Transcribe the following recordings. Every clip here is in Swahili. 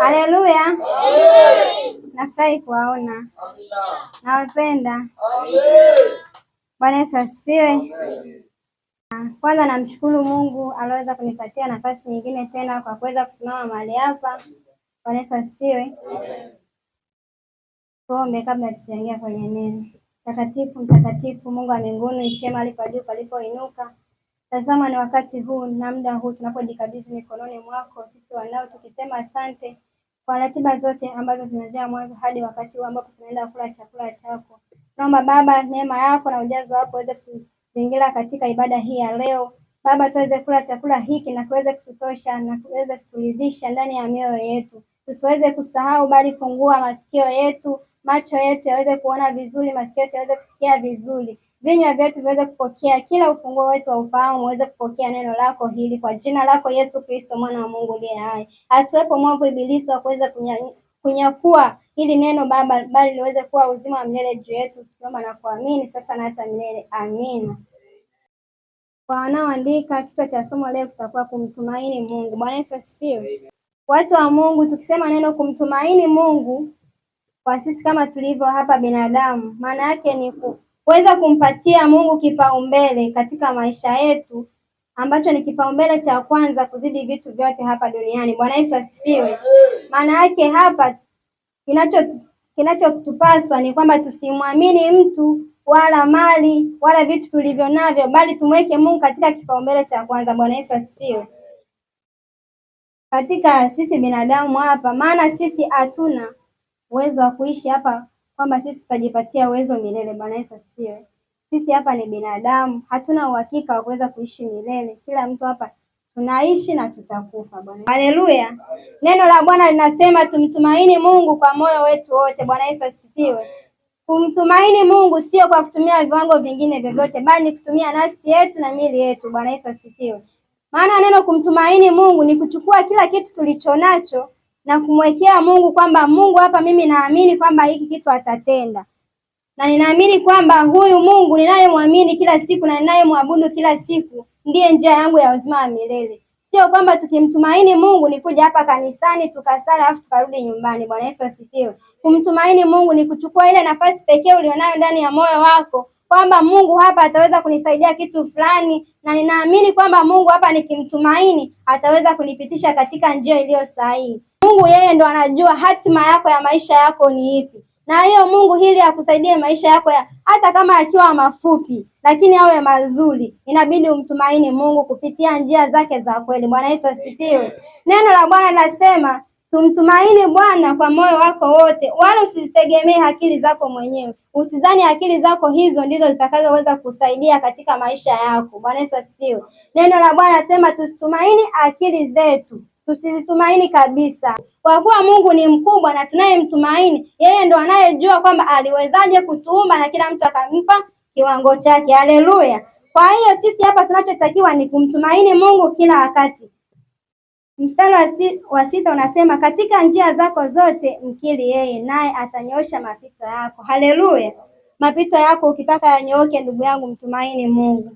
Haleluya! Nafurahi kuwaona, nawapenda. Bwana Yesu asifiwe. Kwanza namshukuru Mungu aliweza kunipatia nafasi nyingine tena kwa kuweza kusimama mahali hapa. Bwana Yesu asifiwe. Tuombe kabla tujaingia kwenye neno. Mtakatifu, mtakatifu, Mungu wa mbinguni, uishie mahali pa juu palipoinuka Tazama, ni wakati huu na muda huu tunapojikabidhi mikononi mwako, sisi wanao tukisema asante kwa ratiba zote ambazo zinaanzia mwanzo hadi wakati huu ambapo tunaenda kula chakula chako. Tunaomba Baba neema yako na ujazo wako uweze kutuzingira katika ibada hii ya leo. Baba, tuweze kula chakula hiki na kuweze kututosha na kuweze kuturidhisha ndani ya mioyo yetu tusiweze kusahau, bali fungua masikio yetu, macho yetu yaweze kuona vizuri, masikio yetu yaweze kusikia vizuri, vinywa vyetu viweze kupokea, kila ufunguo wetu wa ufahamu uweze kupokea neno lako hili, kwa jina lako Yesu Kristo, mwana wa Mungu uliye hai. Asiwepo mwovu ibilisi wa kuweza kunyakua hili neno Baba, bali liweze kuwa uzima wa milele juu yetu, tukiomba na kuamini sasa na hata milele. Amina. Kwa wanaoandika, kichwa cha somo leo kitakuwa kumtumaini Mungu. Bwana Yesu asifiwe. Watu wa Mungu, tukisema neno kumtumaini Mungu kwa sisi kama tulivyo hapa binadamu, maana yake ni kuweza kumpatia Mungu kipaumbele katika maisha yetu, ambacho ni kipaumbele cha kwanza kuzidi vitu vyote hapa duniani. Bwana Yesu asifiwe. Maana yake hapa kinacho kinachotupaswa ni kwamba tusimwamini mtu wala mali wala vitu tulivyo navyo, bali tumweke Mungu katika kipaumbele cha kwanza. Bwana Yesu asifiwe katika sisi binadamu hapa, maana sisi hatuna uwezo wa kuishi hapa kwamba sisi tutajipatia uwezo milele. Bwana Yesu asifiwe. Sisi hapa ni binadamu, hatuna uhakika wa kuweza kuishi milele. Kila mtu hapa tunaishi na tutakufa. Bwana haleluya. Neno la Bwana linasema tumtumaini Mungu kwa moyo wetu wote. Bwana Yesu asifiwe. Kumtumaini Mungu sio kwa kutumia viwango vingine vyovyote, bali ni kutumia nafsi yetu na miili yetu. Bwana Yesu asifiwe. Maana neno kumtumaini Mungu ni kuchukua kila kitu tulicho nacho na kumwekea Mungu kwamba Mungu, hapa mimi naamini kwamba hiki kitu atatenda, na ninaamini kwamba huyu Mungu ninayemwamini kila siku na ninayemwabudu kila siku ndiye njia yangu ya uzima wa milele. Sio kwamba tukimtumaini Mungu ni kuja hapa kanisani tukasali alafu tukarudi nyumbani. Bwana Yesu asifiwe. Kumtumaini Mungu ni kuchukua ile nafasi pekee ulionayo ndani ya moyo wako kwamba Mungu hapa ataweza kunisaidia kitu fulani, na ninaamini kwamba Mungu hapa nikimtumaini ataweza kunipitisha katika njia iliyo sahihi. Mungu yeye ndo anajua hatima yako ya maisha yako ni ipi, na hiyo Mungu hili akusaidie maisha yako ya, hata kama akiwa mafupi lakini awe mazuri, inabidi umtumaini Mungu kupitia njia zake za kweli. Bwana Yesu asifiwe. Neno la Bwana linasema Tumtumaini Bwana kwa moyo wako wote, wala usizitegemee akili zako mwenyewe. Usidhani akili zako hizo ndizo zitakazoweza kusaidia katika maisha yako. Bwana Yesu asifiwe. Neno la Bwana asema tusitumaini akili zetu, tusizitumaini kabisa, kwa kuwa Mungu ni mkubwa na tunayemtumaini yeye ndo anayejua kwamba aliwezaje kutuumba na kila mtu akampa kiwango chake. Haleluya! Kwa hiyo sisi hapa tunachotakiwa ni kumtumaini Mungu kila wakati. Mstari wa, sita unasema katika njia zako zote mkili yeye naye atanyoosha mapito yako. Haleluya! Mapito yako ukitaka yanyooke, ndugu yangu, mtumaini Mungu.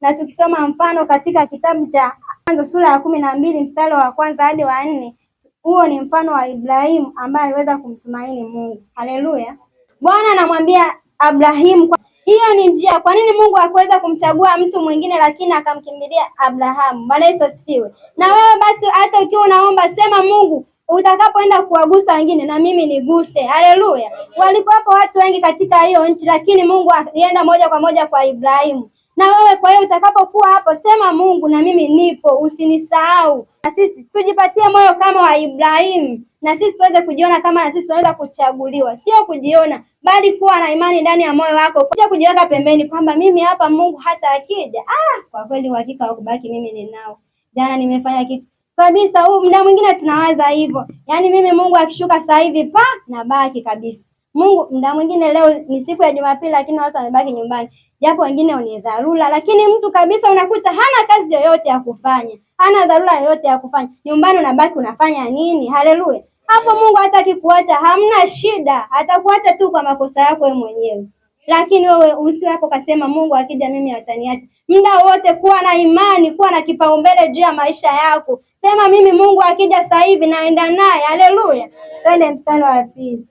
Na tukisoma mfano katika kitabu cha Mwanzo sura ya kumi na mbili mstari wa kwanza hadi wa nne huo ni mfano wa Ibrahimu ambaye aliweza kumtumaini Mungu. Haleluya! Bwana anamwambia Abrahimu kwa... Hiyo ni njia. Kwa nini Mungu hakuweza kumchagua mtu mwingine, lakini akamkimbilia Abrahamu? Bwana Yesu asifiwe. Na wewe basi, hata ukiwa unaomba, sema Mungu utakapoenda kuwagusa wengine na mimi niguse. Haleluya! Walikuwapo watu wengi katika hiyo nchi, lakini Mungu alienda moja kwa moja kwa Ibrahimu na wewe. Kwa hiyo utakapokuwa hapo, sema Mungu na mimi nipo, usinisahau. Na sisi tujipatie moyo kama wa Ibrahimu, na sisi tuweze kujiona kama na sisi tunaweza kuchaguliwa, sio kujiona, bali kuwa na imani ndani ya moyo wako, sio kujiweka pembeni kwamba mimi hapa Mungu hata akija. Ah, kwa kweli uhakika wa kubaki mimi ninao, jana nimefanya kitu kabisa. Huu muda mwingine tunawaza hivyo, yaani mimi Mungu akishuka sasa hivi pa nabaki kabisa Mungu mda mwingine leo ni siku ya Jumapili, lakini watu wamebaki nyumbani, japo wengine ni dharura, lakini mtu kabisa unakuta hana kazi yoyote ya kufanya, hana dharura yoyote ya kufanya, nyumbani unabaki unafanya nini? Haleluya! Hapo Mungu hataki kuacha, hamna shida, atakuacha tu kwa makosa yako wewe mwenyewe, lakini wewe usiwe kasema, Mungu akija mimi ataniacha. Mda wote kuwa na imani, kuwa na kipaumbele juu ya maisha yako, sema mimi Mungu akija sasa hivi naenda naye. Haleluya! Twende mstari wa pili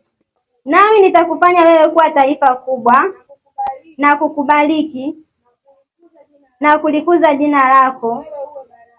nami nitakufanya wewe kuwa taifa kubwa na kukubariki na kulikuza jina lako,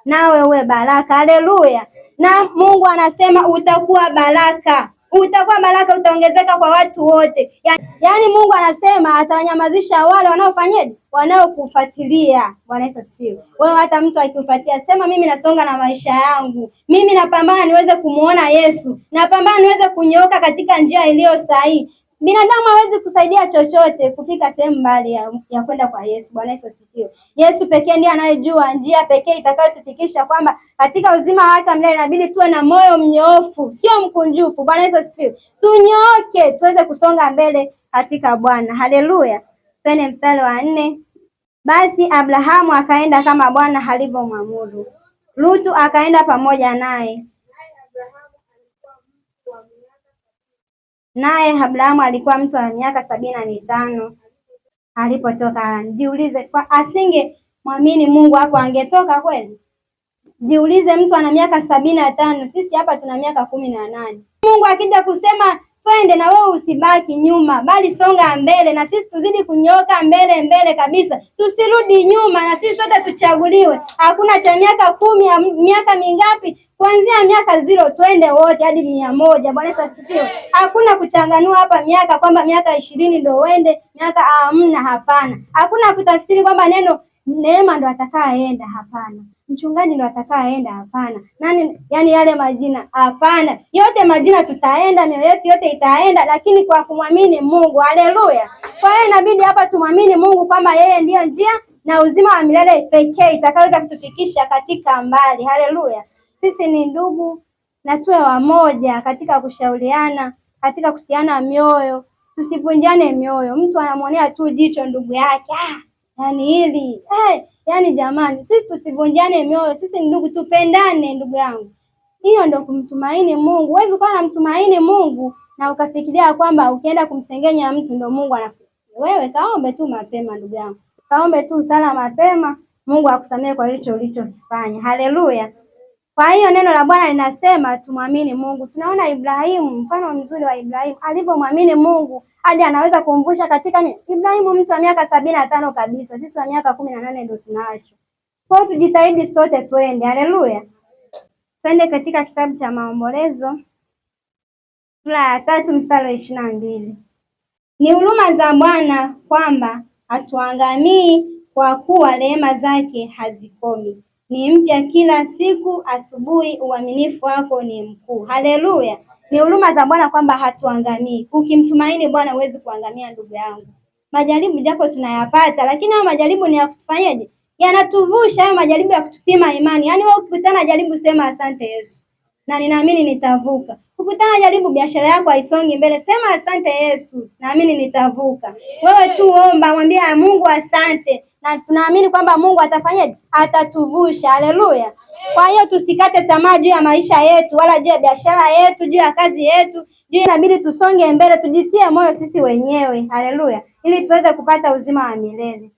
nawe uwe baraka. Haleluya! Na Mungu anasema utakuwa baraka utakuwa baraka, utaongezeka kwa watu wote. Yaani Mungu anasema atawanyamazisha wale wanaofanyaje, wanaokufuatilia. Bwana Yesu asifiwe. Wewe hata mtu akikufuatia, sema mimi nasonga na maisha yangu, mimi napambana niweze kumuona Yesu, napambana niweze kunyooka katika njia iliyo sahihi. Binadamu hawezi kusaidia chochote kufika sehemu mbali ya, ya kwenda kwa Yesu. Bwana Yesu asifiwe. Yesu pekee ndiye anayejua njia pekee itakayotufikisha kwamba katika uzima wake milele inabidi tuwe na moyo mnyoofu, sio mkunjufu. Bwana Yesu asifiwe. Tunyooke tuweze kusonga mbele katika Bwana. Haleluya. Twende mstari wa nne. Basi Abrahamu akaenda kama Bwana alivyomwamuru. Lutu akaenda pamoja naye. naye Abrahamu alikuwa mtu wa miaka sabini na mitano alipotoka Harani. Jiulize, kwa asingemwamini Mungu hapo angetoka kweli? Jiulize, mtu ana miaka sabini na tano, sisi hapa tuna miaka kumi na nane. Mungu akija kusema Twende na wewe, usibaki nyuma, bali songa mbele, na sisi tuzidi kunyoka mbele mbele kabisa, tusirudi nyuma, na sisi sote tuchaguliwe. Hakuna cha miaka kumi, miaka mingapi, kuanzia miaka zero, twende wote hadi mia moja. Bwana Yesu asifiwe. Hakuna kuchanganua hapa miaka kwamba miaka ishirini ndio uende miaka, amna, hapana. Hakuna kutafsiri kwamba neno neema ndo atakayeenda, hapana mchungaji ndo atakayeenda? Hapana. Nani? Yani yale majina, hapana. Yote majina tutaenda, mioyo yetu yote itaenda, lakini kwa kumwamini Mungu. Haleluya! Kwa hiyo inabidi hapa tumwamini Mungu kwamba yeye ndiyo njia na uzima wa milele pekee itakayoweza kutufikisha katika mbali. Haleluya! Sisi ni ndugu na tuwe wamoja katika kushauriana, katika kutiana mioyo, tusivunjane mioyo. Mtu anamwonea tu jicho ndugu yake ah! yani hili hey, eh, yani jamani, sisi tusivunjane mioyo, sisi ni ndugu, tupendane ndugu yangu. Hiyo ndio kumtumaini Mungu. Huwezi ukawa namtumaini Mungu na ukafikiria kwamba ukienda kumsengenya mtu ndio Mungu anakusikia wewe. Kaombe tu mapema ndugu yangu, kaombe tu sala mapema, Mungu akusamehe kwa hicho ulichofanya. Haleluya. Kwa hiyo neno la Bwana linasema tumwamini Mungu. Tunaona Ibrahimu, mfano mzuri wa Ibrahimu alivyomwamini Mungu hadi anaweza kumvusha katika ni Ibrahimu, mtu wa miaka sabini na tano kabisa. Sisi wa miaka kumi na nane ndio tunacho. Kwa hiyo tujitahidi sote, twende. Haleluya, twende katika kitabu cha Maombolezo sura ya tatu mstari wa ishirini na mbili. Ni huruma za Bwana kwamba hatuangamii, kwa kuwa rehema zake hazikomi ni mpya kila siku asubuhi, uaminifu wako ni mkuu. Haleluya! Ni huruma za Bwana kwamba hatuangamii. Ukimtumaini Bwana huwezi kuangamia, ndugu yangu. Majaribu japo tunayapata, lakini hayo majaribu ni ya kutufanyaje? Yanatuvusha, hayo majaribu ya kutupima imani. Yaani wewe ukikutana jaribu, sema asante Yesu, na ninaamini nitavuka. Ukutana jaribu, biashara yako haisongi mbele, sema asante Yesu, naamini nitavuka. Wewe tu omba, mwambie ah, Mungu asante na tunaamini kwamba Mungu atafanya atatuvusha. Haleluya! Kwa hiyo tusikate tamaa juu ya maisha yetu, wala juu ya biashara yetu, juu ya kazi yetu, juu inabidi tusonge mbele, tujitie moyo sisi wenyewe. Haleluya! Ili tuweze kupata uzima wa milele.